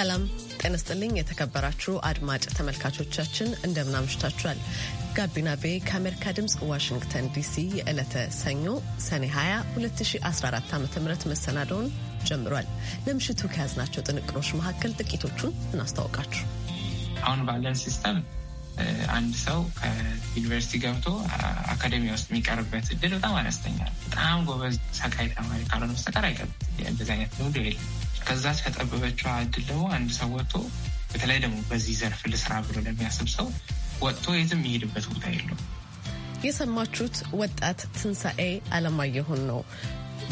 ሰላም ጤና ይስጥልኝ። የተከበራችሁ አድማጭ ተመልካቾቻችን እንደምናምሽታችኋል። ጋቢና ቤ ከአሜሪካ ድምፅ ዋሽንግተን ዲሲ የዕለተ ሰኞ ሰኔ 20 2014 ዓ ም መሰናደውን ጀምሯል። ለምሽቱ ከያዝናቸው ጥንቅሮች መካከል ጥቂቶቹን እናስታውቃችሁ። አሁን ባለን ሲስተም አንድ ሰው ከዩኒቨርሲቲ ገብቶ አካደሚ ውስጥ የሚቀርበት እድል በጣም አነስተኛል። በጣም ጎበዝ ሰቃይ ተማሪ ካልሆነ መስተቀር አይቀርም። እንደዚህ አይነት ልምድ የለም። ከዛ ከጠበበችው እድል ደግሞ አንድ ሰው ወጥቶ በተለይ ደግሞ በዚህ ዘርፍ ልስራ ብሎ ለሚያስብ ሰው ወጥቶ የትም የሚሄድበት ቦታ የለው። የሰማችሁት ወጣት ትንሣኤ አለማየሁን ነው።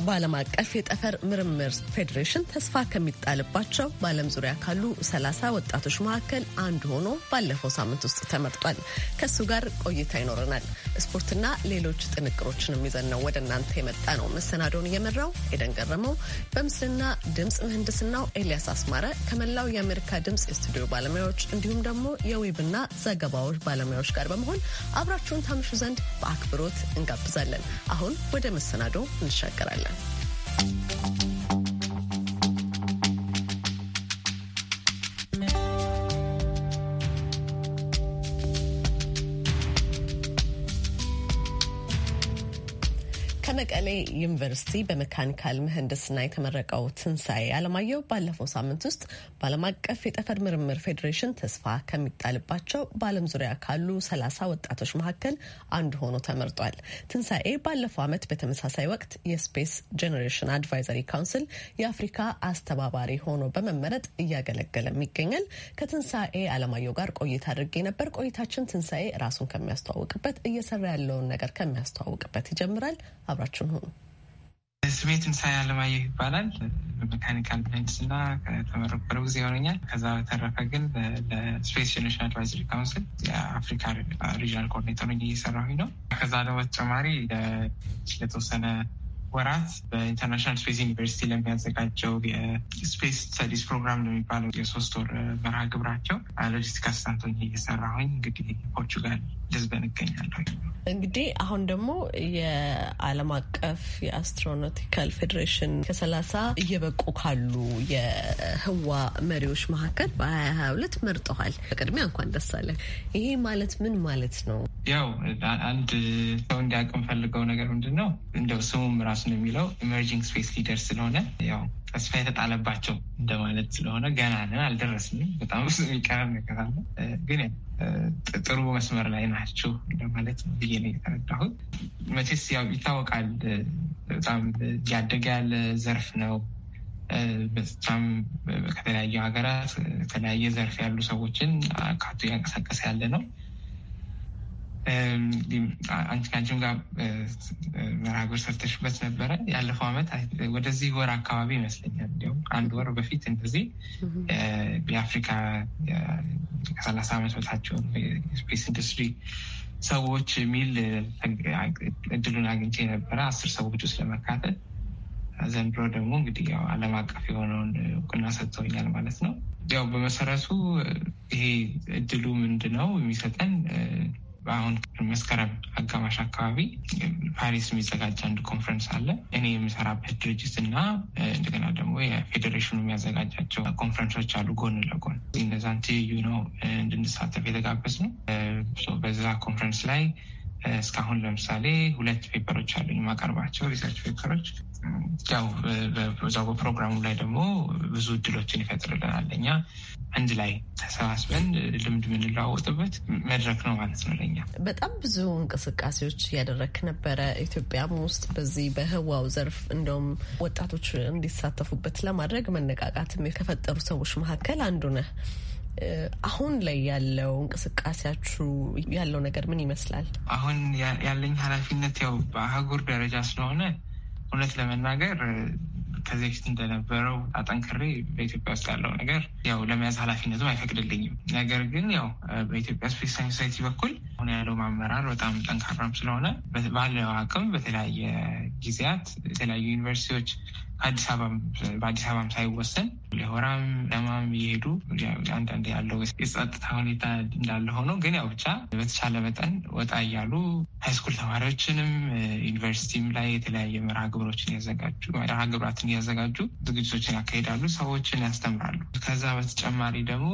በዓለም አቀፍ የጠፈር ምርምር ፌዴሬሽን ተስፋ ከሚጣልባቸው በዓለም ዙሪያ ካሉ 30 ወጣቶች መካከል አንዱ ሆኖ ባለፈው ሳምንት ውስጥ ተመርጧል። ከሱ ጋር ቆይታ ይኖረናል። ስፖርትና ሌሎች ጥንቅሮችንም ይዘን ነው ወደ እናንተ የመጣ ነው። መሰናዶውን እየመራው ኤደን ገረመው፣ በምስልና ድምፅ ምህንድስናው ኤልያስ አስማረ ከመላው የአሜሪካ ድምፅ የስቱዲዮ ባለሙያዎች እንዲሁም ደግሞ የዌብና ዘገባዎች ባለሙያዎች ጋር በመሆን አብራችሁን ታምሹ ዘንድ በአክብሮት እንጋብዛለን። አሁን ወደ መሰናዶ እንሻገራለን። ¡Gracias! በመቀሌ ዩኒቨርሲቲ በመካኒካል ምህንድስና የተመረቀው ትንሣኤ አለማየሁ ባለፈው ሳምንት ውስጥ በዓለም አቀፍ የጠፈር ምርምር ፌዴሬሽን ተስፋ ከሚጣልባቸው በዓለም ዙሪያ ካሉ ሰላሳ ወጣቶች መካከል አንዱ ሆኖ ተመርጧል። ትንሣኤ ባለፈው ዓመት በተመሳሳይ ወቅት የስፔስ ጄኔሬሽን አድቫይዘሪ ካውንስል የአፍሪካ አስተባባሪ ሆኖ በመመረጥ እያገለገለም ይገኛል። ከትንሣኤ አለማየሁ ጋር ቆይታ አድርጌ ነበር። ቆይታችን ትንሣኤ ራሱን ከሚያስተዋውቅበት እየሰራ ያለውን ነገር ከሚያስተዋውቅበት ይጀምራል። አብራችሁ ናችሁ? ስሜ ትንሳኤ አለማየሁ ይባላል። በመካኒካል ምህንድስና ከተመረኩ ቅርብ ጊዜ ይሆነኛል። ከዛ በተረፈ ግን ለስፔስ ጄኔሬሽን አድቫይዘሪ ካውንስል የአፍሪካ ሪጅናል ኮኦርዲኔተር እየሰራሁኝ ነው። ከዛ ደግሞ ለተወሰነ ወራት በኢንተርናሽናል ስፔስ ዩኒቨርሲቲ ለሚያዘጋጀው የስፔስ ስተዲስ ፕሮግራም የሚባለው የሶስት ወር መርሃ ግብራቸው ሎጂስቲክ አስታንቶኝ እየሰራሁኝ እንግዲህ ፖርቹጋል ልዝበ እንገኛለሁ። እንግዲህ አሁን ደግሞ የዓለም አቀፍ የአስትሮኖቲካል ፌዴሬሽን ከሰላሳ እየበቁ ካሉ የህዋ መሪዎች መካከል በሀያ ሀያ ሁለት መርጠዋል። በቅድሚያ እንኳን ደስ አለ። ይሄ ማለት ምን ማለት ነው? ያው አንድ ሰው እንዲያውቅ የምፈልገው ነገር ምንድን ነው እንደው ስሙም ራሱ ነው የሚለው ኢመርጂንግ ስፔስ ሊደር ስለሆነ ያው ተስፋ የተጣለባቸው እንደማለት ስለሆነ ገና ነን፣ አልደረስንም። በጣም ብዙ የሚቀረብ ነገር አለ፣ ግን ጥሩ መስመር ላይ ናችሁ እንደማለት ብዬ ነው የተረዳሁት። መቼስ ያው ይታወቃል፣ በጣም እያደገ ያለ ዘርፍ ነው። በጣም ከተለያዩ ሀገራት ከተለያየ ዘርፍ ያሉ ሰዎችን አካቶ እያንቀሳቀሰ ያለ ነው። ከአንቺም ጋር መርሃግብር ሰርተሽበት ነበረ። ያለፈው ዓመት ወደዚህ ወር አካባቢ ይመስለኛል፣ እንዲሁም አንድ ወር በፊት እንደዚህ የአፍሪካ ከሰላሳ ዓመት በታቸውን የስፔስ ኢንዱስትሪ ሰዎች የሚል እድሉን አግኝቼ ነበረ አስር ሰዎች ውስጥ ለመካተል ዘንድሮ ደግሞ እንግዲህ ያው ዓለም አቀፍ የሆነውን እውቅና ሰጥተውኛል ማለት ነው። ያው በመሰረቱ ይሄ እድሉ ምንድነው የሚሰጠን በአሁን መስከረም አጋማሽ አካባቢ ፓሪስ የሚዘጋጅ አንድ ኮንፈረንስ አለ። እኔ የምሰራበት ድርጅት እና እንደገና ደግሞ የፌዴሬሽኑ የሚያዘጋጃቸው ኮንፈረንሶች አሉ ጎን ለጎን እነዛን ትይዩ ነው እንድንሳተፍ የተጋበዝ ነው። በዛ ኮንፈረንስ ላይ እስካሁን ለምሳሌ ሁለት ፔፐሮች አሉ የማቀርባቸው ሪሰርች ፔፐሮች። ያው በዛ በፕሮግራሙ ላይ ደግሞ ብዙ እድሎችን ይፈጥርልናል። እኛ አንድ ላይ ተሰባስበን ልምድ የምንለዋወጥበት መድረክ ነው ማለት ነው ለኛ። በጣም ብዙ እንቅስቃሴዎች እያደረክ ነበረ ኢትዮጵያም ውስጥ በዚህ በህዋው ዘርፍ እንደውም ወጣቶች እንዲሳተፉበት ለማድረግ መነቃቃትም ከፈጠሩ ሰዎች መካከል አንዱ ነህ። አሁን ላይ ያለው እንቅስቃሴያችሁ ያለው ነገር ምን ይመስላል? አሁን ያለኝ ኃላፊነት ያው በአህጉር ደረጃ ስለሆነ እውነት ለመናገር ከዚህ በፊት እንደነበረው አጠንክሬ በኢትዮጵያ ውስጥ ያለው ነገር ያው ለመያዝ ኃላፊነቱ አይፈቅድልኝም። ነገር ግን ያው በኢትዮጵያ ስፔስ ሳይንስ ሶሳይቲ በኩል አሁን ያለው ማመራር በጣም ጠንካራም ስለሆነ ባለው አቅም በተለያየ ጊዜያት የተለያዩ ዩኒቨርሲቲዎች አዲስ አበባ በአዲስ አበባም ሳይወሰን ለሆራም ለማም እየሄዱ አንዳንድ ያለው የጸጥታ ሁኔታ እንዳለ ሆኖ ግን ያው ብቻ በተቻለ መጠን ወጣ እያሉ ሃይስኩል ተማሪዎችንም ዩኒቨርሲቲም ላይ የተለያየ መርሃ ግብሮችን እያዘጋጁ መርሃ ግብራትን እያዘጋጁ ዝግጅቶችን ያካሄዳሉ፣ ሰዎችን ያስተምራሉ። ከዛ በተጨማሪ ደግሞ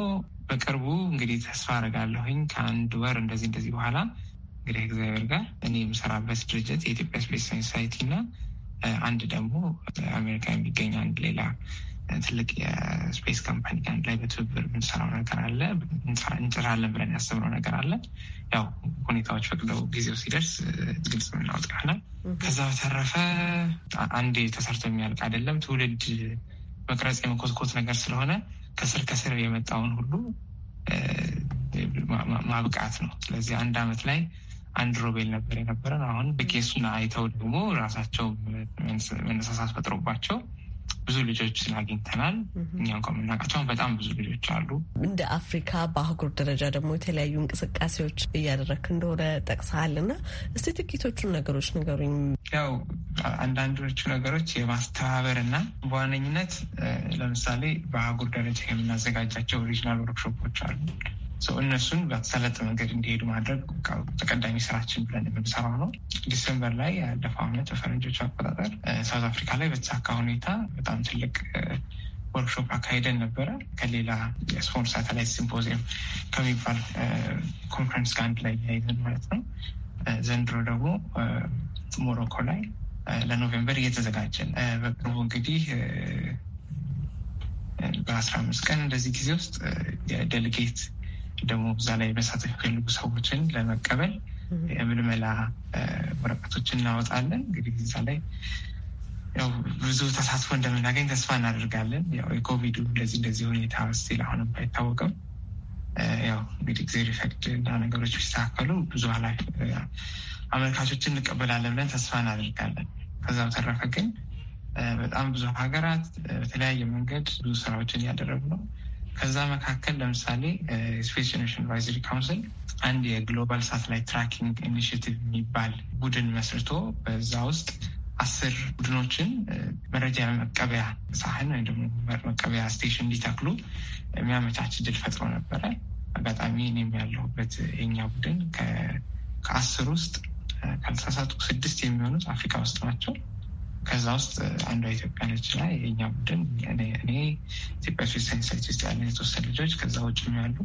በቅርቡ እንግዲህ ተስፋ አደርጋለሁኝ ከአንድ ወር እንደዚህ እንደዚህ በኋላ እንግዲህ እግዚአብሔር ጋር እኔ የምሰራበት ድርጅት የኢትዮጵያ ስፔስ ሳይንስ ሳይቲ እና አንድ ደግሞ አሜሪካ የሚገኝ አንድ ሌላ ትልቅ የስፔስ ካምፓኒ አንድ ላይ በትብብር የምንሰራው ነገር አለ፣ እንሰራለን ብለን ያሰብነው ነገር አለ። ያው ሁኔታዎች ፈቅደው ጊዜው ሲደርስ ግልጽ የምናወጣ ይሆናል። ከዛ በተረፈ አንዴ ተሰርቶ የሚያልቅ አይደለም። ትውልድ መቅረጽ የመኮትኮት ነገር ስለሆነ ከስር ከስር የመጣውን ሁሉ ማብቃት ነው። ስለዚህ አንድ አመት ላይ አንድ ሮቤል ነበር የነበረን። አሁን በኬሱን አይተው ደግሞ ራሳቸው መነሳሳት ፈጥሮባቸው ብዙ ልጆች ስላግኝተናል። እንኳ ከምናውቃቸው በጣም ብዙ ልጆች አሉ። እንደ አፍሪካ በአህጉር ደረጃ ደግሞ የተለያዩ እንቅስቃሴዎች እያደረክ እንደሆነ ጠቅሰሃል እና እስቲ ጥቂቶቹን ነገሮች ንገሩኝ። ያው አንዳንዶቹ ነገሮች የማስተባበር እና በዋነኝነት ለምሳሌ በአህጉር ደረጃ የምናዘጋጃቸው ኦሪጂናል ወርክሾፖች አሉ እነሱን በተሰለጠ መንገድ እንዲሄዱ ማድረግ ተቀዳሚ ስራችን ብለን የምንሰራው ነው። ዲሰምበር ላይ ያለፈው አመት በፈረንጆች አቆጣጠር ሳውዝ አፍሪካ ላይ በተሳካ ሁኔታ በጣም ትልቅ ወርክሾፕ አካሄደን ነበረ። ከሌላ ስፖርት ሳተላይት ሲምፖዚየም ከሚባል ኮንፈረንስ ጋር አንድ ላይ ያይዘን ማለት ነው። ዘንድሮ ደግሞ ሞሮኮ ላይ ለኖቬምበር እየተዘጋጀን በቅርቡ እንግዲህ በአስራ አምስት ቀን እንደዚህ ጊዜ ውስጥ የደልጌት ደግሞ እዛ ላይ መሳተፍ የፈልጉ ሰዎችን ለመቀበል የምልመላ ወረቀቶችን እናወጣለን። እንግዲህ እዛ ላይ ያው ብዙ ተሳትፎ እንደምናገኝ ተስፋ እናደርጋለን። ያው የኮቪዱ እንደዚህ እንደዚህ ሁኔታ ስቲል አሁንም አይታወቅም። ያው እንግዲህ እግዜር ይፈቅድ እና ነገሮች ቢስተካከሉ ብዙ ኃላፊ አመልካቾችን እንቀበላለን ብለን ተስፋ እናደርጋለን። ከዛ በተረፈ ግን በጣም ብዙ ሀገራት በተለያየ መንገድ ብዙ ስራዎችን እያደረጉ ነው። ከዛ መካከል ለምሳሌ ስፔስ ኔሽን አድቫይዘሪ ካውንስል አንድ የግሎባል ሳተላይት ትራኪንግ ኢኒሽቲቭ የሚባል ቡድን መስርቶ በዛ ውስጥ አስር ቡድኖችን መረጃ መቀበያ ሳህን ወይም ደግሞ መቀበያ ስቴሽን እንዲተክሉ የሚያመቻች ድል ፈጥሮ ነበረ። አጋጣሚ እኔም ያለሁበት የኛ ቡድን ከአስር ውስጥ ካልተሳሳትኩ ስድስት የሚሆኑት አፍሪካ ውስጥ ናቸው። ከዛ ውስጥ አንዷ ኢትዮጵያ ነች ላይ የኛ ቡድን እኔ ኢትዮጵያ ስዊስ ሳይንሳይቲስት ያለ የተወሰኑ ልጆች ከዛ ውጭ ያሉ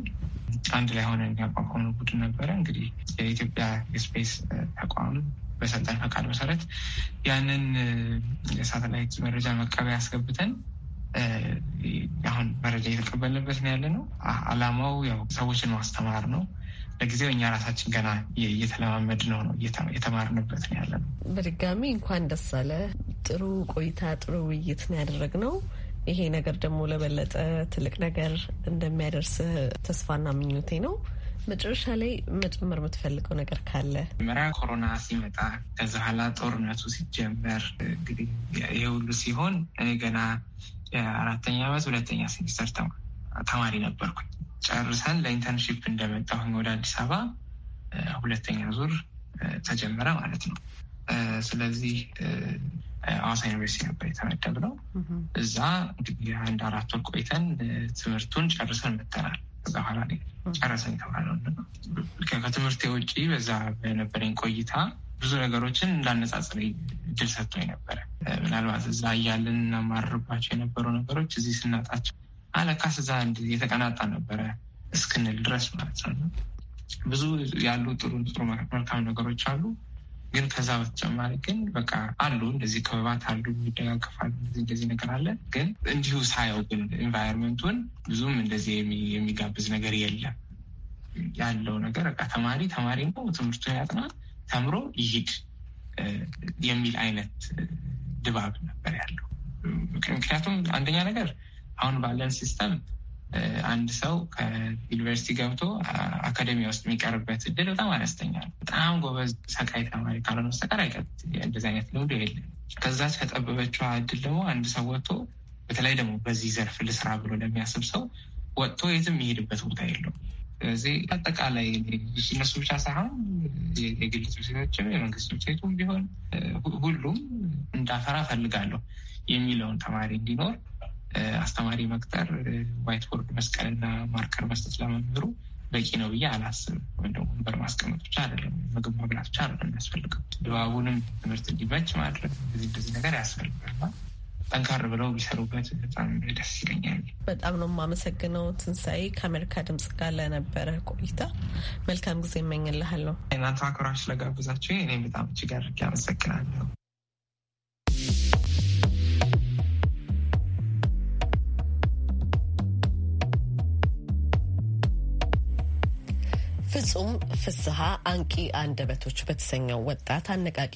አንድ ላይ ሆነ የሚያቋቋሙ ቡድን ነበረ። እንግዲህ የኢትዮጵያ የስፔስ ተቋም በሰጠን ፈቃድ መሰረት ያንን የሳተላይት መረጃ መቀበያ ያስገብተን አሁን መረጃ እየተቀበልንበት ነው ያለ ነው። አላማው ያው ሰዎችን ማስተማር ነው። ለጊዜው እኛ ራሳችን ገና እየተለማመድ ነው ነው የተማርንበት ነው ያለ ነው። በድጋሚ እንኳን ደስ አለ። ጥሩ ቆይታ፣ ጥሩ ውይይት ነው ያደረግነው። ይሄ ነገር ደግሞ ለበለጠ ትልቅ ነገር እንደሚያደርስ ተስፋና ምኞቴ ነው። መጨረሻ ላይ መጨመር የምትፈልገው ነገር ካለ መጀመሪያ ኮሮና ሲመጣ ከዚ በኋላ ጦርነቱ ሲጀመር እንግዲህ ይህ ሁሉ ሲሆን እኔ ገና አራተኛ ዓመት ሁለተኛ ሴሚስተር ተማሪ ነበርኩኝ። ጨርሰን ለኢንተርንሺፕ እንደመጣሁኝ ወደ አዲስ አበባ ሁለተኛ ዙር ተጀመረ ማለት ነው። ስለዚህ አዋሳ ዩኒቨርሲቲ ነበር ነው። እዛ እንግዲህ አንድ አራት ወር ቆይተን ትምህርቱን ጨርሰን መተናል። ከዛ በኋላ ጨረሰን የተባለው ከትምህርት ውጭ በዛ በነበረኝ ቆይታ ብዙ ነገሮችን እንዳነጻጽር እድል ሰጥቶኝ ነበረ። ምናልባት እዛ እያለን እናማርባቸው የነበሩ ነገሮች እዚህ ስናጣቸው አለካ ዛንድ የተቀናጣ ነበረ እስክንል ድረስ ማለት ነው። ብዙ ያሉ ጥሩ ጥሩ መልካም ነገሮች አሉ። ግን ከዛ በተጨማሪ ግን በቃ አሉ እንደዚህ ክበባት አሉ የሚደጋገፋሉ እንደዚህ ነገር አለ። ግን እንዲሁ ሳየው ግን ኤንቫይሮንመንቱን ብዙም እንደዚህ የሚጋብዝ ነገር የለም። ያለው ነገር በቃ ተማሪ ተማሪ ነው ትምህርቱን ያጥና ተምሮ ይሂድ የሚል አይነት ድባብ ነበር ያለው። ምክንያቱም አንደኛ ነገር አሁን ባለን ሲስተም አንድ ሰው ከዩኒቨርሲቲ ገብቶ አካደሚ ውስጥ የሚቀርበት እድል በጣም አነስተኛ ነው። በጣም ጎበዝ ሰቃይ ተማሪ ካልሆነ በስተቀር አይቀርም። እንደዚህ አይነት ልምዱ የለም። ከዛች ከጠበበችዋ እድል ደግሞ አንድ ሰው ወጥቶ በተለይ ደግሞ በዚህ ዘርፍ ልስራ ብሎ ለሚያስብ ሰው ወጥቶ የትም የሚሄድበት ቦታ የለው። ስለዚህ አጠቃላይ እነሱ ብቻ ሳይሆን የግል ትምህርት ቤቶችም የመንግስት ትምህርት ቤቱም ቢሆን ሁሉም እንዳፈራ ፈልጋለሁ የሚለውን ተማሪ እንዲኖር አስተማሪ መቅጠር፣ ዋይትቦርድ ቦርድ መስቀልና ማርከር መስጠት ለመምህሩ በቂ ነው ብዬ አላስብም። ወይም ደግሞ ወንበር ማስቀመጥ ብቻ አይደለም፣ ምግብ መብላት ብቻ አይደለም የሚያስፈልገው። ድባቡንም ትምህርት እንዲመች ማድረግ እዚህ እንደዚህ ነገር ያስፈልጋል። ጠንካር ብለው ቢሰሩበት በጣም ደስ ይለኛል። በጣም ነው የማመሰግነው ትንሳኤ፣ ከአሜሪካ ድምጽ ጋር ለነበረ ቆይታ መልካም ጊዜ እመኝልሃለሁ። እናንተ አክብራችሁ ስለጋበዛችሁ እኔም በጣም እጅግ አድርጌ አመሰግናለሁ። ፍጹም ፍስሀ አንቂ አንደበቶች በተሰኘው ወጣት አነቃቂ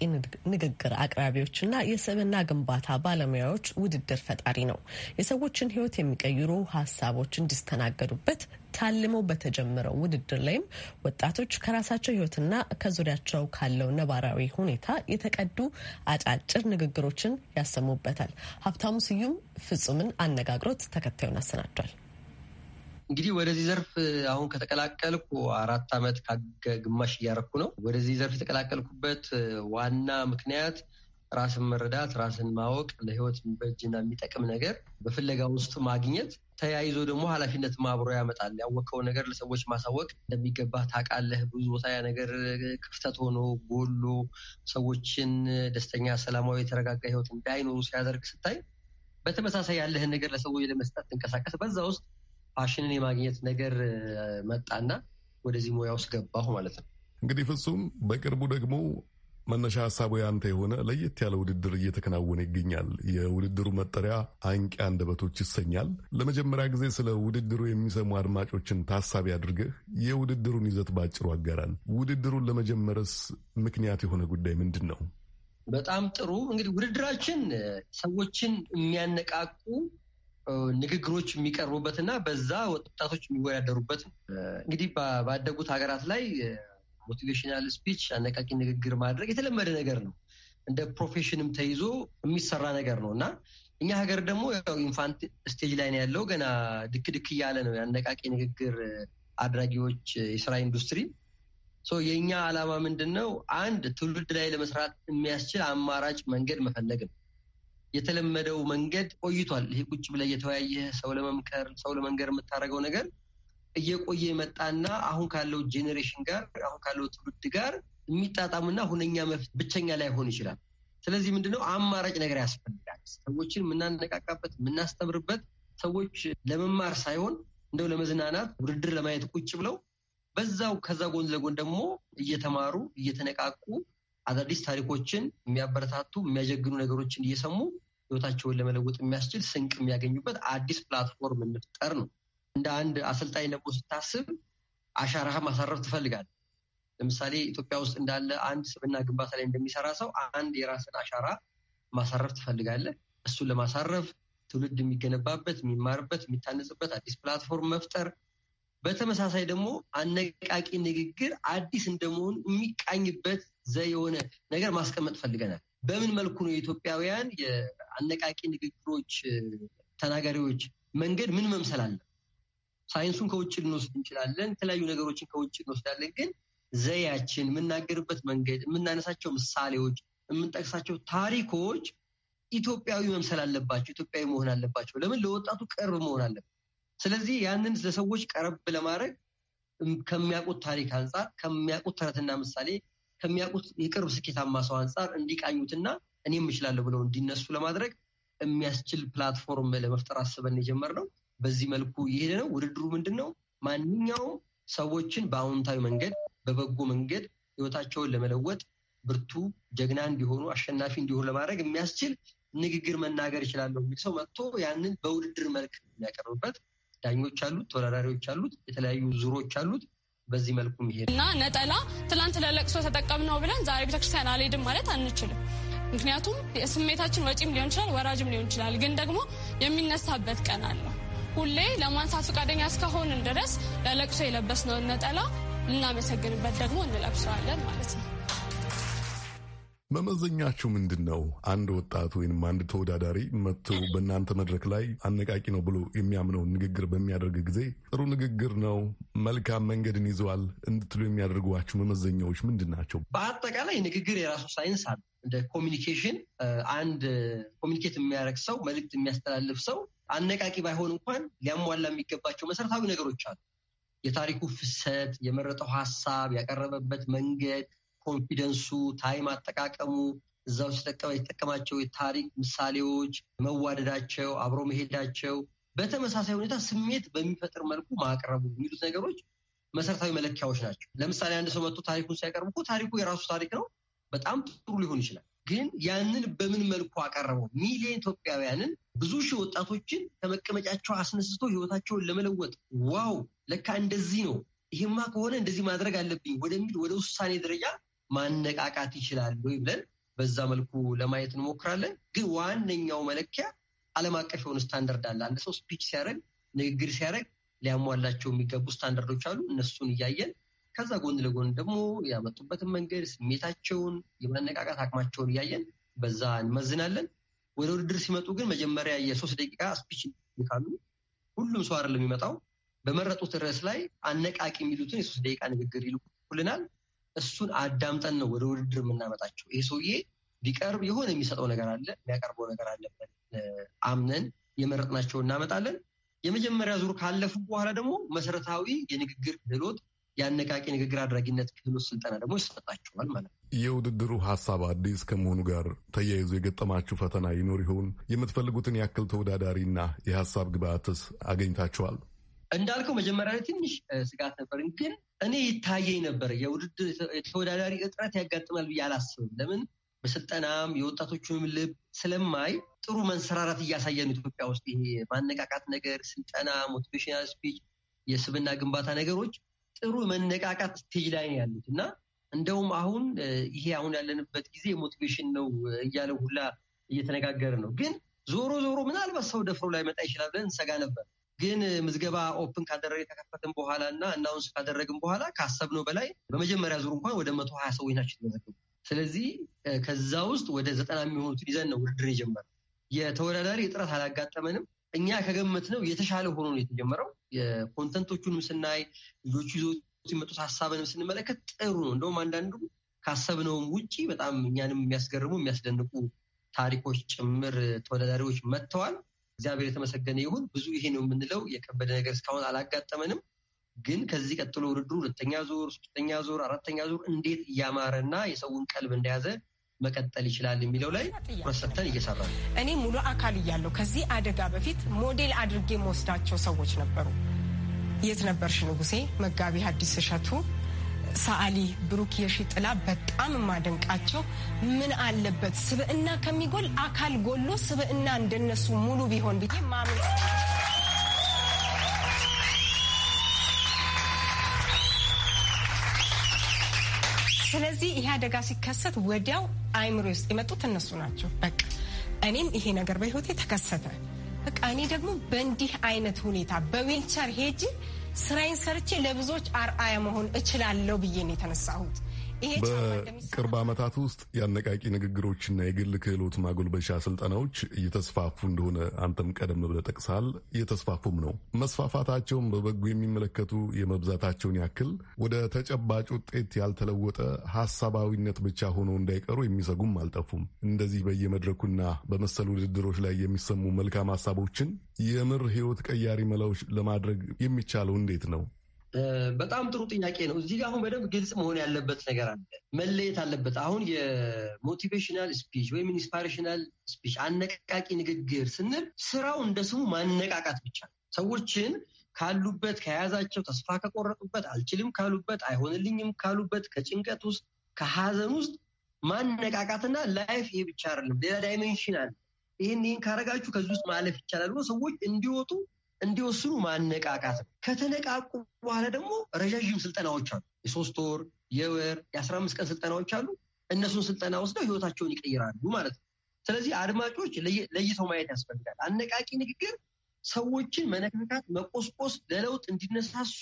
ንግግር አቅራቢዎችና የሰብና ግንባታ ባለሙያዎች ውድድር ፈጣሪ ነው። የሰዎችን ሕይወት የሚቀይሩ ሀሳቦች እንዲስተናገዱበት ታልሞ በተጀመረው ውድድር ላይም ወጣቶች ከራሳቸው ሕይወትና ከዙሪያቸው ካለው ነባራዊ ሁኔታ የተቀዱ አጫጭር ንግግሮችን ያሰሙበታል። ሀብታሙ ስዩም ፍጹምን አነጋግሮት ተከታዩን አሰናዷል። እንግዲህ ወደዚህ ዘርፍ አሁን ከተቀላቀልኩ አራት ዓመት ግማሽ እያረኩ ነው። ወደዚህ ዘርፍ የተቀላቀልኩበት ዋና ምክንያት ራስን መረዳት፣ ራስን ማወቅ፣ ለህይወት የሚበጅና የሚጠቅም ነገር በፍለጋ ውስጥ ማግኘት ተያይዞ ደግሞ ኃላፊነት አብሮ ያመጣል። ያወቀው ነገር ለሰዎች ማሳወቅ እንደሚገባ ታውቃለህ። ብዙ ቦታ ያ ነገር ክፍተት ሆኖ ጎሎ ሰዎችን ደስተኛ፣ ሰላማዊ፣ የተረጋጋ ህይወት እንዳይኖሩ ሲያደርግ ስታይ፣ በተመሳሳይ ያለህን ነገር ለሰዎች ለመስጠት ትንቀሳቀስ። በዛ ውስጥ ፋሽንን የማግኘት ነገር መጣና ወደዚህ ሙያ ውስጥ ገባሁ ማለት ነው። እንግዲህ ፍጹም በቅርቡ ደግሞ መነሻ ሀሳቡ ያንተ የሆነ ለየት ያለ ውድድር እየተከናወነ ይገኛል። የውድድሩ መጠሪያ አንቂ አንደበቶች ይሰኛል። ለመጀመሪያ ጊዜ ስለ ውድድሩ የሚሰሙ አድማጮችን ታሳቢ አድርገህ የውድድሩን ይዘት ባጭሩ አጋራል። ውድድሩን ለመጀመርስ ምክንያት የሆነ ጉዳይ ምንድን ነው? በጣም ጥሩ። እንግዲህ ውድድራችን ሰዎችን የሚያነቃቁ ንግግሮች የሚቀርቡበት እና በዛ ወጣቶች የሚወዳደሩበት ነው። እንግዲህ ባደጉት ሀገራት ላይ ሞቲቬሽናል ስፒች አነቃቂ ንግግር ማድረግ የተለመደ ነገር ነው። እንደ ፕሮፌሽንም ተይዞ የሚሰራ ነገር ነው እና እኛ ሀገር ደግሞ ኢንፋንት ስቴጅ ላይ ነው ያለው። ገና ድክ ድክ እያለ ነው የአነቃቂ ንግግር አድራጊዎች የስራ ኢንዱስትሪ። የእኛ ዓላማ ምንድን ነው? አንድ ትውልድ ላይ ለመስራት የሚያስችል አማራጭ መንገድ መፈለግ ነው። የተለመደው መንገድ ቆይቷል። ይሄ ቁጭ ብለህ እየተወያየ ሰው ለመምከር ሰው ለመንገር የምታደርገው ነገር እየቆየ መጣና አሁን ካለው ጄኔሬሽን ጋር አሁን ካለው ትውልድ ጋር የሚጣጣምና ሁነኛ መፍትሄ ብቸኛ ላይሆን ይችላል። ስለዚህ ምንድነው አማራጭ ነገር ያስፈልጋል። ሰዎችን የምናነቃቃበት የምናስተምርበት፣ ሰዎች ለመማር ሳይሆን እንደው ለመዝናናት ውድድር ለማየት ቁጭ ብለው በዛው ከዛ ጎን ለጎን ደግሞ እየተማሩ እየተነቃቁ አዳዲስ ታሪኮችን የሚያበረታቱ የሚያጀግኑ ነገሮችን እየሰሙ ህይወታቸውን ለመለወጥ የሚያስችል ስንቅ የሚያገኙበት አዲስ ፕላትፎርም እንፍጠር ነው። እንደ አንድ አሰልጣኝ ደግሞ ስታስብ አሻራህ ማሳረፍ ትፈልጋል። ለምሳሌ ኢትዮጵያ ውስጥ እንዳለ አንድ ስብና ግንባታ ላይ እንደሚሰራ ሰው አንድ የራስን አሻራ ማሳረፍ ትፈልጋለህ። እሱን ለማሳረፍ ትውልድ የሚገነባበት፣ የሚማርበት፣ የሚታነጽበት አዲስ ፕላትፎርም መፍጠር በተመሳሳይ ደግሞ አነቃቂ ንግግር አዲስ እንደመሆኑ የሚቃኝበት ዘ የሆነ ነገር ማስቀመጥ ፈልገናል። በምን መልኩ ነው የኢትዮጵያውያን የአነቃቂ ንግግሮች ተናጋሪዎች መንገድ ምን መምሰል አለ? ሳይንሱን ከውጭ ልንወስድ እንችላለን። የተለያዩ ነገሮችን ከውጭ እንወስዳለን። ግን ዘያችን፣ የምናገርበት መንገድ፣ የምናነሳቸው ምሳሌዎች፣ የምንጠቅሳቸው ታሪኮች ኢትዮጵያዊ መምሰል አለባቸው። ኢትዮጵያዊ መሆን አለባቸው። ለምን? ለወጣቱ ቅርብ መሆን አለበት። ስለዚህ ያንን ለሰዎች ቀረብ ለማድረግ ከሚያውቁት ታሪክ አንጻር ከሚያውቁት ተረትና ምሳሌ ከሚያውቁት የቅርብ ስኬታማ ሰው አንጻር እንዲቃኙትና እኔም የምችላለሁ ብለው እንዲነሱ ለማድረግ የሚያስችል ፕላትፎርም ለመፍጠር አስበን ነው። በዚህ መልኩ የሄደ ነው። ውድድሩ ምንድን ነው? ማንኛውም ሰዎችን በአዎንታዊ መንገድ በበጎ መንገድ ህይወታቸውን ለመለወጥ ብርቱ ጀግና እንዲሆኑ አሸናፊ እንዲሆኑ ለማድረግ የሚያስችል ንግግር መናገር ይችላለሁ የሚል ሰው መጥቶ ያንን በውድድር መልክ የሚያቀርብበት ዳኞች አሉት፣ ተወዳዳሪዎች አሉት፣ የተለያዩ ዙሮች አሉት። በዚህ መልኩ መሄድ እና ነጠላ ትላንት ለለቅሶ ተጠቀምነው ብለን ዛሬ ቤተክርስቲያን አልሄድም ማለት አንችልም። ምክንያቱም የስሜታችን ወጪም ሊሆን ይችላል፣ ወራጅም ሊሆን ይችላል። ግን ደግሞ የሚነሳበት ቀን አለው። ሁሌ ለማንሳት ፈቃደኛ እስከሆንን ድረስ ለለቅሶ የለበስነውን ነጠላ ልናመሰግንበት ደግሞ እንለብሰዋለን ማለት ነው። መመዘኛችሁ ምንድን ነው? አንድ ወጣት ወይም አንድ ተወዳዳሪ መጥቶ በእናንተ መድረክ ላይ አነቃቂ ነው ብሎ የሚያምነውን ንግግር በሚያደርግ ጊዜ ጥሩ ንግግር ነው፣ መልካም መንገድን ይዘዋል እንድትሉ የሚያደርጓችሁ መመዘኛዎች ምንድን ናቸው? በአጠቃላይ ንግግር የራሱ ሳይንስ አለ። እንደ ኮሚኒኬሽን አንድ ኮሚኒኬት የሚያደርግ ሰው መልዕክት የሚያስተላልፍ ሰው አነቃቂ ባይሆን እንኳን ሊያሟላ የሚገባቸው መሰረታዊ ነገሮች አሉ። የታሪኩ ፍሰት፣ የመረጠው ሀሳብ፣ ያቀረበበት መንገድ ኮንፊደንሱ፣ ታይም አጠቃቀሙ እዛው ሲጠቀመ የተጠቀማቸው የታሪክ ምሳሌዎች፣ መዋደዳቸው፣ አብሮ መሄዳቸው በተመሳሳይ ሁኔታ ስሜት በሚፈጥር መልኩ ማቅረቡ የሚሉት ነገሮች መሰረታዊ መለኪያዎች ናቸው። ለምሳሌ አንድ ሰው መጥቶ ታሪኩን ሲያቀርብ እኮ ታሪኩ የራሱ ታሪክ ነው። በጣም ጥሩ ሊሆን ይችላል። ግን ያንን በምን መልኩ አቀረበው? ሚሊዮን ኢትዮጵያውያንን ብዙ ሺህ ወጣቶችን ከመቀመጫቸው አስነስቶ ህይወታቸውን ለመለወጥ ዋው፣ ለካ እንደዚህ ነው፣ ይሄማ ከሆነ እንደዚህ ማድረግ አለብኝ ወደሚል ወደ ውሳኔ ደረጃ ማነቃቃት ይችላሉ ብለን በዛ መልኩ ለማየት እንሞክራለን። ግን ዋነኛው መለኪያ ዓለም አቀፍ የሆኑ ስታንዳርድ አለ። አንድ ሰው ስፒች ሲያደርግ ንግግር ሲያደርግ ሊያሟላቸው የሚገቡ ስታንዳርዶች አሉ። እነሱን እያየን ከዛ ጎን ለጎን ደግሞ ያመጡበትን መንገድ፣ ስሜታቸውን፣ የማነቃቃት አቅማቸውን እያየን በዛ እንመዝናለን። ወደ ውድድር ሲመጡ ግን መጀመሪያ የሶስት ደቂቃ ስፒች ካሉ ሁሉም ሰው አይደለም የሚመጣው። በመረጡት ርዕስ ላይ አነቃቂ የሚሉትን የሶስት ደቂቃ ንግግር ይልኩልናል። እሱን አዳምጠን ነው ወደ ውድድር የምናመጣቸው። ይህ ሰውዬ ቢቀርብ የሆነ የሚሰጠው ነገር አለ፣ የሚያቀርበው ነገር አለበት አምነን የመረጥናቸው እናመጣለን። የመጀመሪያ ዙር ካለፉ በኋላ ደግሞ መሰረታዊ የንግግር ክህሎት የአነቃቂ ንግግር አድራጊነት ክህሎት ስልጠና ደግሞ ይሰጣቸዋል ማለት ነው። የውድድሩ ሀሳብ አዲስ ከመሆኑ ጋር ተያይዞ የገጠማችሁ ፈተና ይኖር ይሆን? የምትፈልጉትን ያክል ተወዳዳሪና የሀሳብ ግብአትስ አገኝታችኋል? እንዳልከው መጀመሪያ ላይ ትንሽ ስጋት ነበር፣ ግን እኔ ይታየኝ ነበር የውድድር የተወዳዳሪ እጥረት ያጋጥማል ብዬ አላስብም። ለምን በስልጠናም የወጣቶቹንም ልብ ስለማይ ጥሩ መንሰራራት እያሳየን ኢትዮጵያ ውስጥ ይሄ ማነቃቃት ነገር፣ ስልጠና፣ ሞቲቬሽናል ስፒች፣ የስብና ግንባታ ነገሮች ጥሩ መነቃቃት ስቴጅ ላይ ነው ያሉት እና እንደውም አሁን ይሄ አሁን ያለንበት ጊዜ ሞቲቬሽን ነው እያለ ሁላ እየተነጋገረ ነው። ግን ዞሮ ዞሮ ምናልባት ሰው ደፍሮ ላይ መጣ ይችላል ብለን እንሰጋ ነበር። ግን ምዝገባ ኦፕን ካደረገ ከከፈትን በኋላ እና እናውንስ ካደረግን በኋላ ካሰብነው በላይ በመጀመሪያ ዙር እንኳን ወደ መቶ ሀያ ሰዎች ናቸው የተመዘገቡ። ስለዚህ ከዛ ውስጥ ወደ ዘጠና የሚሆኑትን ይዘን ነው ውድድር የጀመረው። የተወዳዳሪ እጥረት አላጋጠመንም። እኛ ከገመት ነው የተሻለ ሆኖ ነው የተጀመረው። የኮንተንቶቹንም ስናይ ልጆቹ ይዞ ሲመጡት ሀሳብንም ስንመለከት ጥሩ ነው። እንደውም አንዳንዱ ካሰብነውም ውጭ በጣም እኛንም የሚያስገርሙ የሚያስደንቁ ታሪኮች ጭምር ተወዳዳሪዎች መጥተዋል። እግዚአብሔር የተመሰገነ ይሁን። ብዙ ይሄ ነው የምንለው የከበደ ነገር እስካሁን አላጋጠመንም። ግን ከዚህ ቀጥሎ ውድድሩ ሁለተኛ ዙር፣ ሶስተኛ ዙር፣ አራተኛ ዙር እንዴት እያማረ እና የሰውን ቀልብ እንደያዘ መቀጠል ይችላል የሚለው ላይ ሰተን እየሰራ ነው። እኔ ሙሉ አካል እያለው ከዚህ አደጋ በፊት ሞዴል አድርጌ መወስዳቸው ሰዎች ነበሩ። የት ነበርሽ ንጉሴ፣ መጋቢ ሐዲስ እሸቱ ሰዓሊ ብሩክ የሺጥላ በጣም የማደንቃቸው ምን አለበት ስብዕና ከሚጎል አካል ጎሎ ስብዕና እንደነሱ ሙሉ ቢሆን ብዬ ማመስ ስለዚህ ይሄ አደጋ ሲከሰት ወዲያው አይምሮ ውስጥ የመጡት እነሱ ናቸው። በቃ እኔም ይሄ ነገር በህይወቴ ተከሰተ። በቃ እኔ ደግሞ በእንዲህ አይነት ሁኔታ በዊልቸር ሄጂ ስራዬን ሰርቼ ለብዙዎች አርአያ መሆን እችላለሁ ብዬ ነው የተነሳሁት። በቅርብ ዓመታት ውስጥ የአነቃቂ ንግግሮችና የግል ክህሎት ማጎልበሻ ስልጠናዎች እየተስፋፉ እንደሆነ አንተም ቀደም ብለህ ጠቅሳል። እየተስፋፉም ነው። መስፋፋታቸውን በበጎ የሚመለከቱ የመብዛታቸውን ያክል ወደ ተጨባጭ ውጤት ያልተለወጠ ሀሳባዊነት ብቻ ሆነው እንዳይቀሩ የሚሰጉም አልጠፉም። እንደዚህ በየመድረኩና በመሰል ውድድሮች ላይ የሚሰሙ መልካም ሀሳቦችን የምር ህይወት ቀያሪ መላዎች ለማድረግ የሚቻለው እንዴት ነው? በጣም ጥሩ ጥያቄ ነው። እዚህ አሁን በደንብ ግልጽ መሆን ያለበት ነገር አለ፣ መለየት አለበት። አሁን የሞቲቬሽናል ስፒች ወይም ኢንስፓሬሽናል ስፒች አነቃቂ ንግግር ስንል ስራው እንደ ስሙ ማነቃቃት ብቻ ነው። ሰዎችን ካሉበት ከያዛቸው ተስፋ ከቆረጡበት፣ አልችልም ካሉበት፣ አይሆንልኝም ካሉበት፣ ከጭንቀት ውስጥ ከሀዘን ውስጥ ማነቃቃትና ላይፍ ይሄ ብቻ አይደለም፣ ሌላ ዳይሜንሽን አለ። ይህን ይህን ካረጋችሁ ከዚህ ውስጥ ማለፍ ይቻላል ብሎ ሰዎች እንዲወጡ እንዲወስኑ ማነቃቃት ነው። ከተነቃቁ በኋላ ደግሞ ረዣዥም ስልጠናዎች አሉ። የሶስት ወር፣ የወር፣ የአስራ አምስት ቀን ስልጠናዎች አሉ። እነሱን ስልጠና ወስደው ህይወታቸውን ይቀይራሉ ማለት ነው። ስለዚህ አድማጮች ለይተው ማየት ያስፈልጋል። አነቃቂ ንግግር ሰዎችን መነካካት፣ መቆስቆስ፣ ለለውጥ እንዲነሳሱ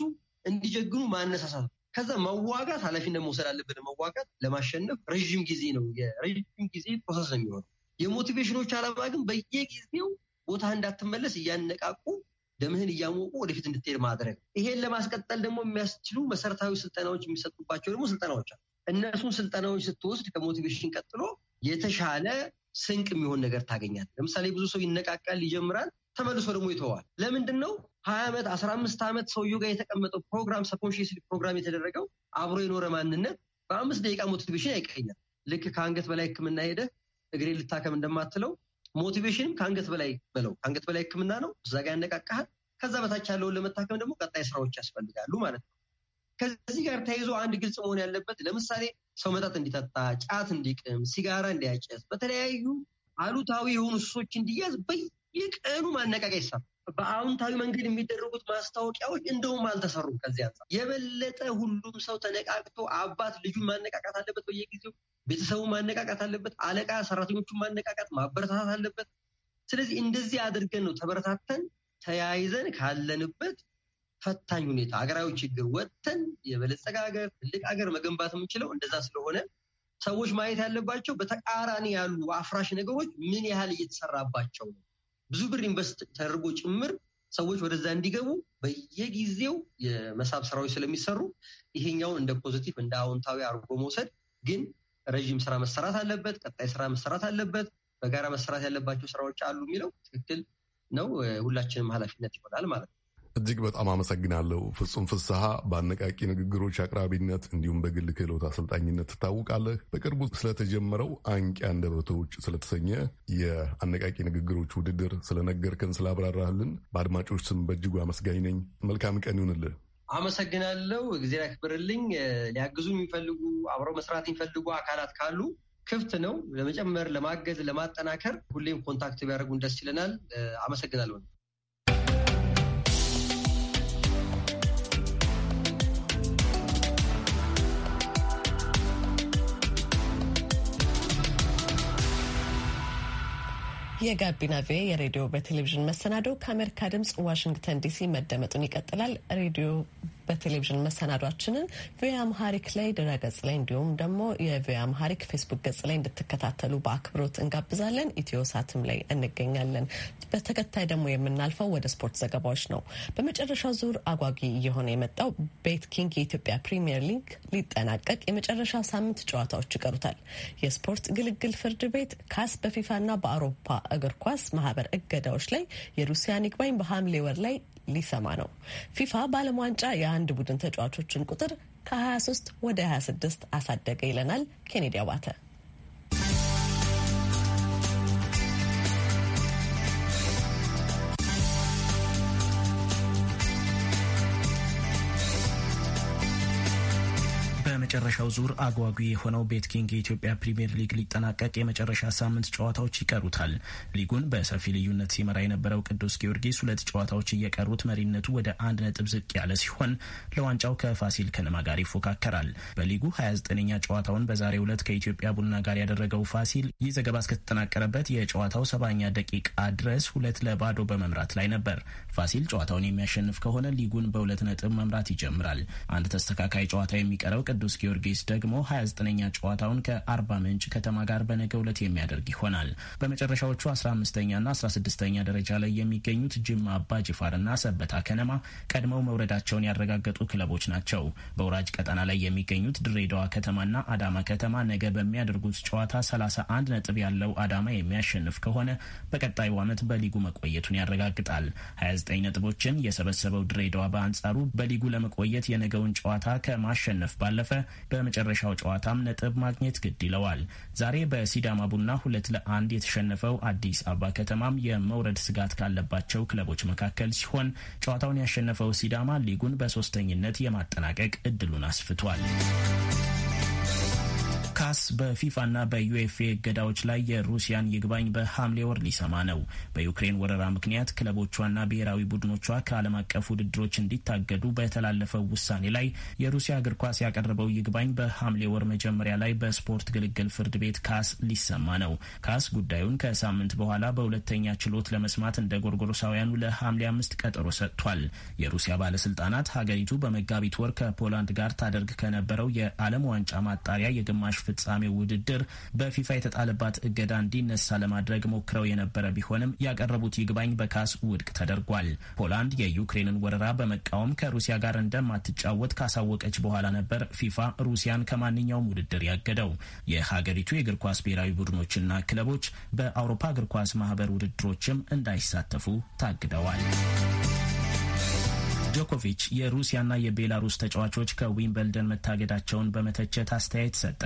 እንዲጀግኑ ማነሳሳት ነው። ከዛ መዋጋት ኃላፊነት መውሰድ አለብን። መዋጋት ለማሸነፍ ረዥም ጊዜ ነው፣ የረዥም ጊዜ ፕሮሰስ ነው የሚሆነው። የሞቲቬሽኖች አላማ ግን በየጊዜው ቦታ እንዳትመለስ እያነቃቁ ደምህን እያሞቁ ወደፊት እንድትሄድ ማድረግ። ይሄን ለማስቀጠል ደግሞ የሚያስችሉ መሰረታዊ ስልጠናዎች የሚሰጡባቸው ደግሞ ስልጠናዎች አሉ። እነሱን ስልጠናዎች ስትወስድ ከሞቲቬሽን ቀጥሎ የተሻለ ስንቅ የሚሆን ነገር ታገኛለህ። ለምሳሌ ብዙ ሰው ይነቃቃል፣ ይጀምራል፣ ተመልሶ ደግሞ ይተዋል። ለምንድን ነው ሀያ ዓመት አስራ አምስት ዓመት ሰውየው ጋር የተቀመጠው ፕሮግራም ሰብኮንሽስ ፕሮግራም የተደረገው አብሮ የኖረ ማንነት በአምስት ደቂቃ ሞቲቬሽን አይቀኛል። ልክ ከአንገት በላይ ሕክምና ሄደህ እግሬ ልታከም እንደማትለው ሞቲቬሽንም ከአንገት በላይ በለው ከአንገት በላይ ህክምና ነው። እዛ ጋር ያነቃቃሃል። ከዛ በታች ያለውን ለመታከም ደግሞ ቀጣይ ስራዎች ያስፈልጋሉ ማለት ነው። ከዚህ ጋር ተያይዞ አንድ ግልጽ መሆን ያለበት ለምሳሌ ሰው መጠጥ እንዲጠጣ፣ ጫት እንዲቅም፣ ሲጋራ እንዲያጨስ፣ በተለያዩ አሉታዊ የሆኑ ሱሶች እንዲያዝ በየቀኑ ማነቃቂያ ይሰራል። በአዎንታዊ መንገድ የሚደረጉት ማስታወቂያዎች እንደውም አልተሰሩም። ከዚህ አንጻር የበለጠ ሁሉም ሰው ተነቃቅቶ አባት ልጁን ማነቃቃት አለበት፣ በየጊዜው ቤተሰቡ ማነቃቃት አለበት፣ አለቃ ሰራተኞቹን ማነቃቃት ማበረታታት አለበት። ስለዚህ እንደዚህ አድርገን ነው ተበረታተን ተያይዘን ካለንበት ፈታኝ ሁኔታ ሀገራዊ ችግር ወጥተን የበለጸገ ሀገር ትልቅ ሀገር መገንባት የምንችለው እንደዛ ስለሆነ ሰዎች ማየት ያለባቸው በተቃራኒ ያሉ አፍራሽ ነገሮች ምን ያህል እየተሰራባቸው ነው ብዙ ብር ኢንቨስት ተደርጎ ጭምር ሰዎች ወደዛ እንዲገቡ በየጊዜው የመሳብ ስራዎች ስለሚሰሩ ይሄኛውን እንደ ፖዚቲቭ እንደ አዎንታዊ አድርጎ መውሰድ ግን ረዥም ስራ መሰራት አለበት፣ ቀጣይ ስራ መሰራት አለበት፣ በጋራ መሰራት ያለባቸው ስራዎች አሉ የሚለው ትክክል ነው። ሁላችንም ኃላፊነት ይሆናል ማለት ነው። እጅግ በጣም አመሰግናለሁ። ፍጹም ፍስሐ በአነቃቂ ንግግሮች አቅራቢነት እንዲሁም በግል ክህሎት አሰልጣኝነት ትታወቃለህ። በቅርቡ ስለተጀመረው አንቂ አንደበቶች ስለተሰኘ የአነቃቂ ንግግሮች ውድድር ስለነገርክን ስላብራራህልን በአድማጮች ስም በእጅጉ አመስጋኝ ነኝ። መልካም ቀን ይሁንልህ። አመሰግናለሁ። ጊዜ ያክብርልኝ። ሊያግዙ የሚፈልጉ አብረው መስራት የሚፈልጉ አካላት ካሉ ክፍት ነው። ለመጨመር፣ ለማገዝ፣ ለማጠናከር ሁሌም ኮንታክት ቢያደርጉን ደስ ይለናል። አመሰግናለሁ። የጋቢና ቪ የሬዲዮ በቴሌቪዥን መሰናዶ ከአሜሪካ ድምጽ ዋሽንግተን ዲሲ መደመጡን ይቀጥላል። ሬዲዮ በቴሌቪዥን መሰናዷችንን ቪኦኤ አምሃሪክ ላይ ድረገጽ ላይ እንዲሁም ደግሞ የቪኦኤ አምሃሪክ ፌስቡክ ገጽ ላይ እንድትከታተሉ በአክብሮት እንጋብዛለን። ኢትዮ ሳትም ላይ እንገኛለን። በተከታይ ደግሞ የምናልፈው ወደ ስፖርት ዘገባዎች ነው። በመጨረሻው ዙር አጓጊ እየሆነ የመጣው ቤት ኪንግ የኢትዮጵያ ፕሪምየር ሊግ ሊጠናቀቅ የመጨረሻ ሳምንት ጨዋታዎች ይቀሩታል። የስፖርት ግልግል ፍርድ ቤት ካስ በፊፋና በአውሮፓ እግር ኳስ ማህበር እገዳዎች ላይ የሩሲያን ይግባኝ በሐምሌ ወር ላይ ሊሰማ ነው። ፊፋ በዓለም ዋንጫ የአንድ ቡድን ተጫዋቾችን ቁጥር ከ23 ወደ 26 አሳደገ ይለናል ኬኔዲ አባተ። የመጨረሻው ዙር አጓጊ የሆነው ቤት ኪንግ የኢትዮጵያ ፕሪምየር ሊግ ሊጠናቀቅ የመጨረሻ ሳምንት ጨዋታዎች ይቀሩታል። ሊጉን በሰፊ ልዩነት ሲመራ የነበረው ቅዱስ ጊዮርጊስ ሁለት ጨዋታዎች እየቀሩት መሪነቱ ወደ አንድ ነጥብ ዝቅ ያለ ሲሆን ለዋንጫው ከፋሲል ከነማ ጋር ይፎካከራል። በሊጉ 29ኛ ጨዋታውን በዛሬው ዕለት ከኢትዮጵያ ቡና ጋር ያደረገው ፋሲል ይህ ዘገባ እስከተጠናቀረበት የጨዋታው ሰባኛ ደቂቃ ድረስ ሁለት ለባዶ በመምራት ላይ ነበር። ፋሲል ጨዋታውን የሚያሸንፍ ከሆነ ሊጉን በሁለት ነጥብ መምራት ይጀምራል። አንድ ተስተካካይ ጨዋታ የሚቀረው ቅዱስ ጊዮርጊስ ደግሞ 29ኛ ጨዋታውን ከአርባ ምንጭ ከተማ ጋር በነገ ውለት የሚያደርግ ይሆናል። በመጨረሻዎቹ 15ኛና 16ኛ ደረጃ ላይ የሚገኙት ጅማ አባ ጅፋርና ሰበታ ከነማ ቀድመው መውረዳቸውን ያረጋገጡ ክለቦች ናቸው። በውራጅ ቀጠና ላይ የሚገኙት ድሬዳዋ ከተማና አዳማ ከተማ ነገ በሚያደርጉት ጨዋታ 31 ነጥብ ያለው አዳማ የሚያሸንፍ ከሆነ በቀጣዩ ዓመት በሊጉ መቆየቱን ያረጋግጣል። 29 ነጥቦችን የሰበሰበው ድሬዳዋ በአንጻሩ በሊጉ ለመቆየት የነገውን ጨዋታ ከማሸነፍ ባለፈ በመጨረሻው ጨዋታም ነጥብ ማግኘት ግድ ይለዋል። ዛሬ በሲዳማ ቡና ሁለት ለአንድ የተሸነፈው አዲስ አበባ ከተማም የመውረድ ስጋት ካለባቸው ክለቦች መካከል ሲሆን ጨዋታውን ያሸነፈው ሲዳማ ሊጉን በሶስተኝነት የማጠናቀቅ እድሉን አስፍቷል። ካስ በፊፋና በዩኤፍኤ እገዳዎች ላይ የሩሲያን ይግባኝ በሐምሌ ወር ሊሰማ ነው። በዩክሬን ወረራ ምክንያት ክለቦቿና ብሔራዊ ቡድኖቿ ከዓለም አቀፍ ውድድሮች እንዲታገዱ በተላለፈው ውሳኔ ላይ የሩሲያ እግር ኳስ ያቀረበው ይግባኝ በሐምሌ ወር መጀመሪያ ላይ በስፖርት ግልግል ፍርድ ቤት ካስ ሊሰማ ነው። ካስ ጉዳዩን ከሳምንት በኋላ በሁለተኛ ችሎት ለመስማት እንደ ጎርጎሮሳውያኑ ለሐምሌ አምስት ቀጠሮ ሰጥቷል። የሩሲያ ባለስልጣናት ሀገሪቱ በመጋቢት ወር ከፖላንድ ጋር ታደርግ ከነበረው የዓለም ዋንጫ ማጣሪያ የግማሽ ፍጻሜ ውድድር በፊፋ የተጣለባት እገዳ እንዲነሳ ለማድረግ ሞክረው የነበረ ቢሆንም ያቀረቡት ይግባኝ በካስ ውድቅ ተደርጓል። ፖላንድ የዩክሬንን ወረራ በመቃወም ከሩሲያ ጋር እንደማትጫወት ካሳወቀች በኋላ ነበር ፊፋ ሩሲያን ከማንኛውም ውድድር ያገደው። የሀገሪቱ የእግር ኳስ ብሔራዊ ቡድኖችና ክለቦች በአውሮፓ እግር ኳስ ማህበር ውድድሮችም እንዳይሳተፉ ታግደዋል። ጆኮቪች የሩሲያና የቤላሩስ ተጫዋቾች ከዊምበልደን መታገዳቸውን በመተቸት አስተያየት ሰጠ።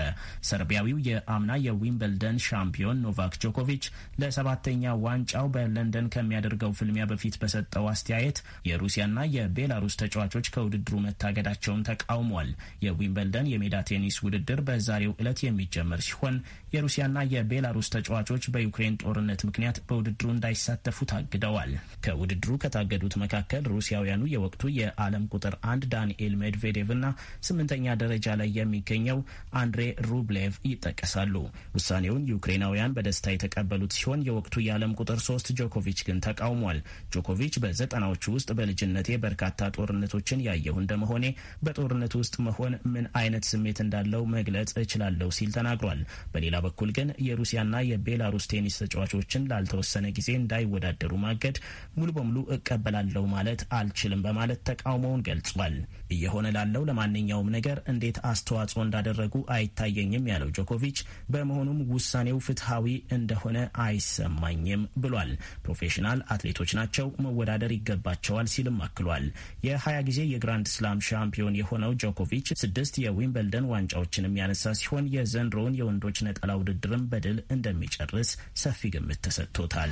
ሰርቢያዊው የአምና የዊምበልደን ሻምፒዮን ኖቫክ ጆኮቪች ለሰባተኛ ዋንጫው በለንደን ከሚያደርገው ፍልሚያ በፊት በሰጠው አስተያየት የሩሲያና የቤላሩስ ተጫዋቾች ከውድድሩ መታገዳቸውን ተቃውሟል። የዊምበልደን የሜዳ ቴኒስ ውድድር በዛሬው ዕለት የሚጀመር ሲሆን የሩሲያና የቤላሩስ ተጫዋቾች በዩክሬን ጦርነት ምክንያት በውድድሩ እንዳይሳተፉ ታግደዋል። ከውድድሩ ከታገዱት መካከል ሩሲያውያኑ የወቅ የወቅቱ የዓለም ቁጥር አንድ ዳንኤል ሜድቬዴቭ እና ስምንተኛ ደረጃ ላይ የሚገኘው አንድሬ ሩብሌቭ ይጠቀሳሉ። ውሳኔውን ዩክሬናውያን በደስታ የተቀበሉት ሲሆን የወቅቱ የዓለም ቁጥር ሶስት ጆኮቪች ግን ተቃውሟል። ጆኮቪች በዘጠናዎቹ ውስጥ በልጅነቴ በርካታ ጦርነቶችን ያየሁ እንደመሆኔ በጦርነት ውስጥ መሆን ምን አይነት ስሜት እንዳለው መግለጽ እችላለሁ ሲል ተናግሯል። በሌላ በኩል ግን የሩሲያና የቤላሩስ ቴኒስ ተጫዋቾችን ላልተወሰነ ጊዜ እንዳይወዳደሩ ማገድ ሙሉ በሙሉ እቀበላለሁ ማለት አልችልም በማለት በማለት ተቃውሞውን ገልጿል። እየሆነ ላለው ለማንኛውም ነገር እንዴት አስተዋጽኦ እንዳደረጉ አይታየኝም ያለው ጆኮቪች፣ በመሆኑም ውሳኔው ፍትሐዊ እንደሆነ አይሰማኝም ብሏል። ፕሮፌሽናል አትሌቶች ናቸው፣ መወዳደር ይገባቸዋል ሲልም አክሏል። የሀያ ጊዜ የግራንድ ስላም ሻምፒዮን የሆነው ጆኮቪች ስድስት የዊምበልደን ዋንጫዎችንም ያነሳ ሲሆን የዘንድሮውን የወንዶች ነጠላ ውድድርም በድል እንደሚጨርስ ሰፊ ግምት ተሰጥቶታል።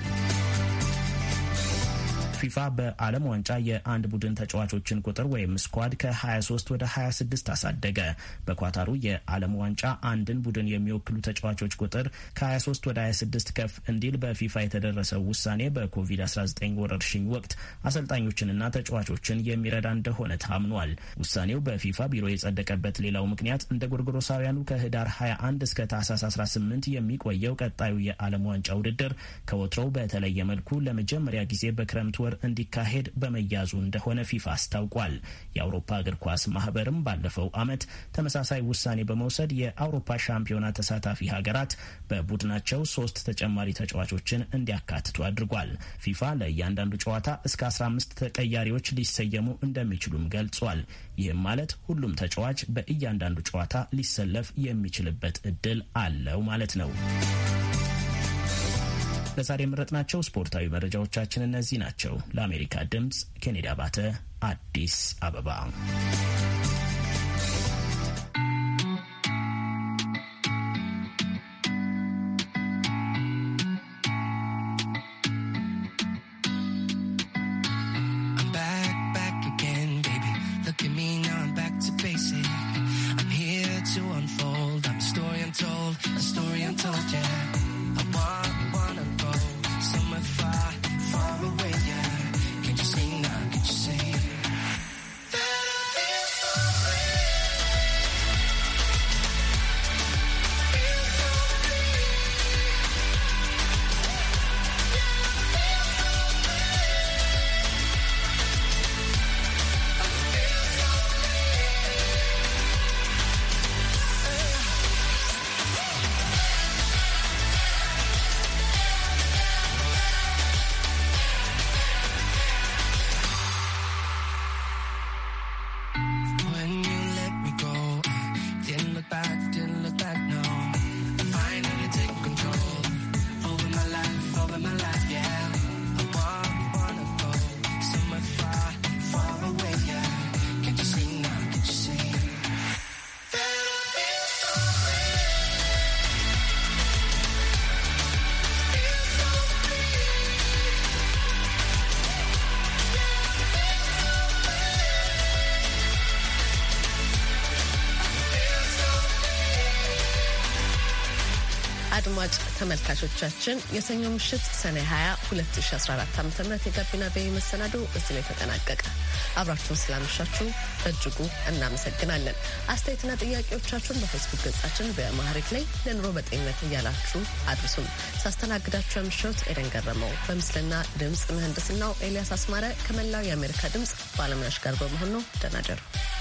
ፊፋ በዓለም ዋንጫ የአንድ ቡድን ተጫዋቾችን ቁጥር ወይም ስኳድ ከ23 ወደ 26 አሳደገ። በኳታሩ የዓለም ዋንጫ አንድን ቡድን የሚወክሉ ተጫዋቾች ቁጥር ከ23 ወደ 26 ከፍ እንዲል በፊፋ የተደረሰው ውሳኔ በኮቪድ-19 ወረርሽኝ ወቅት አሰልጣኞችንና ተጫዋቾችን የሚረዳ እንደሆነ ታምኗል። ውሳኔው በፊፋ ቢሮ የጸደቀበት ሌላው ምክንያት እንደ ጎርጎሮሳውያኑ ከህዳር 21 እስከ ታህሳስ 18 የሚቆየው ቀጣዩ የዓለም ዋንጫ ውድድር ከወትሮው በተለየ መልኩ ለመጀመሪያ ጊዜ በክረምት ወር ውድድር እንዲካሄድ በመያዙ እንደሆነ ፊፋ አስታውቋል። የአውሮፓ እግር ኳስ ማህበርም ባለፈው አመት ተመሳሳይ ውሳኔ በመውሰድ የአውሮፓ ሻምፒዮና ተሳታፊ ሀገራት በቡድናቸው ሶስት ተጨማሪ ተጫዋቾችን እንዲያካትቱ አድርጓል። ፊፋ ለእያንዳንዱ ጨዋታ እስከ 15 ተቀያሪዎች ሊሰየሙ እንደሚችሉም ገልጿል። ይህም ማለት ሁሉም ተጫዋች በእያንዳንዱ ጨዋታ ሊሰለፍ የሚችልበት እድል አለው ማለት ነው። ለዛሬ የመረጥናቸው ስፖርታዊ መረጃዎቻችን እነዚህ ናቸው። ለአሜሪካ ድምፅ ኬኔዲ አባተ አዲስ አበባ አድማጭ ተመልካቾቻችን የሰኞ ምሽት ሰኔ 20 2014 ዓ ም የጋቢና ቤ መሰናዶ እዚህ ላይ ተጠናቀቀ። አብራችሁን ስላመሻችሁ በእጅጉ እናመሰግናለን። አስተያየትና ጥያቄዎቻችሁን በፌስቡክ ገጻችን በማህሪክ ላይ ለኑሮ በጤንነት እያላችሁ አድርሱም ሳስተናግዳችሁ የምሽት ኤደን ገረመው በምስልና ድምፅ ምህንድስናው ኤልያስ አስማረ ከመላው የአሜሪካ ድምፅ ባለሙያዎች ጋር በመሆን ነው። ደህና